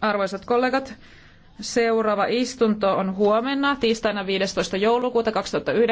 Arvoisat kollegat, seuraava istunto on huomenna tiistaina 15. joulukuuta 2009.